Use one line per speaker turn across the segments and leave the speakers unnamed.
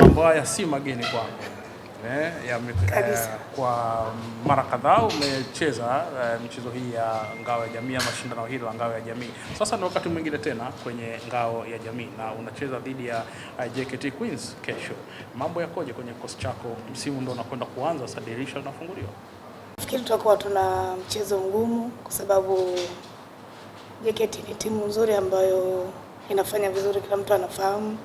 mambo haya si mageni kwangu eh, kwa mara kadhaa umecheza eh, michezo hii ya ngao ya jamii, ama shindano hili la ngao ya jamii. Sasa ni wakati mwingine tena kwenye ngao ya jamii na unacheza dhidi ya uh, eh, JKT Queens kesho. Mambo yakoje kwenye kikosi chako? Msimu ndio unakwenda kuanza, sadirisha unafunguliwa.
Nafikiri tutakuwa tuna mchezo mgumu kwa sababu JKT ni timu nzuri ambayo inafanya vizuri, kila mtu anafahamu,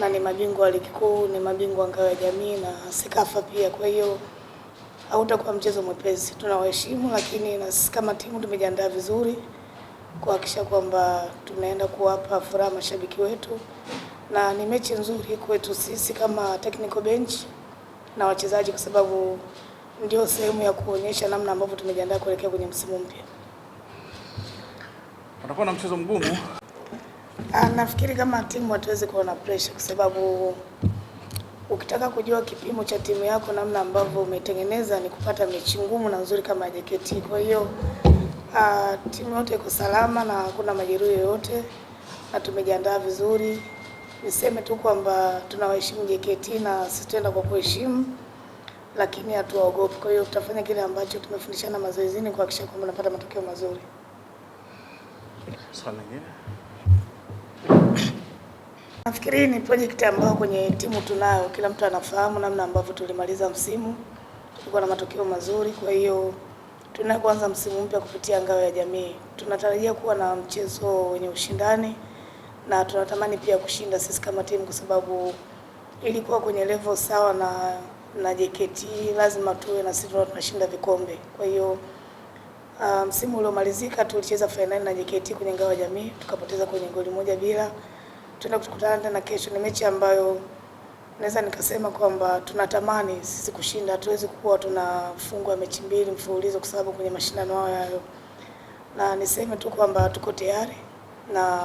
na ni mabingwa wa ligi kuu, ni mabingwa wa ngao ya jamii na Sekafa pia. Kwa hiyo hautakuwa mchezo mwepesi, tunawaheshimu, lakini na sisi kama timu tumejiandaa vizuri kuhakikisha kwamba tunaenda kuwapa furaha mashabiki wetu, na ni mechi nzuri kwetu sisi kama technical bench na wachezaji, kwa sababu ndio sehemu ya kuonyesha namna ambavyo tumejiandaa kuelekea kwenye msimu mpya.
Watakuwa na mchezo mgumu.
Ah, nafikiri kama timu hatuwezi kuwa na pressure kwa sababu ukitaka kujua kipimo cha timu yako namna ambavyo umetengeneza ni kupata mechi ngumu na nzuri kama JKT. Kwa hiyo ah, timu yote iko salama na hakuna majeruhi yoyote na tumejiandaa vizuri. Niseme tu kwamba tunawaheshimu JKT na sisi kwa kuheshimu, lakini hatuwaogopi. Kwa hiyo tutafanya kile ambacho tumefundishana mazoezini kuhakikisha kwamba tunapata matokeo mazuri. Swali Nafikiri ni project ambayo kwenye timu tunayo, kila mtu anafahamu namna ambavyo tulimaliza msimu, tulikuwa na matokeo mazuri. Kwa hiyo tunapoanza msimu mpya kupitia ngao ya jamii, tunatarajia kuwa na mchezo wenye ushindani na tunatamani pia kushinda sisi kama timu, kwa sababu ilikuwa kwenye level sawa na na JKT lazima tuwe na sisi tunashinda vikombe. Kwa hiyo ah, msimu um, uliomalizika tulicheza fainali na JKT kwenye ngao ya jamii tukapoteza kwenye goli moja bila tuenda kukutana tena kesho. Ni mechi ambayo naweza nikasema kwamba tunatamani sisi kushinda, hatuwezi kuwa tunafungwa mechi mbili mfululizo kwa sababu kwenye mashindano hayo hayo, na niseme tu kwamba tuko tayari na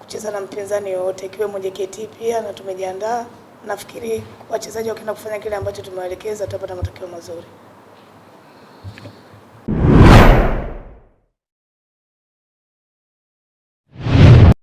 kucheza na mpinzani yoyote ikiwemo JKT pia, na tumejiandaa. Nafikiri wachezaji wakienda kufanya kile ambacho tumewaelekeza, tutapata matokeo mazuri.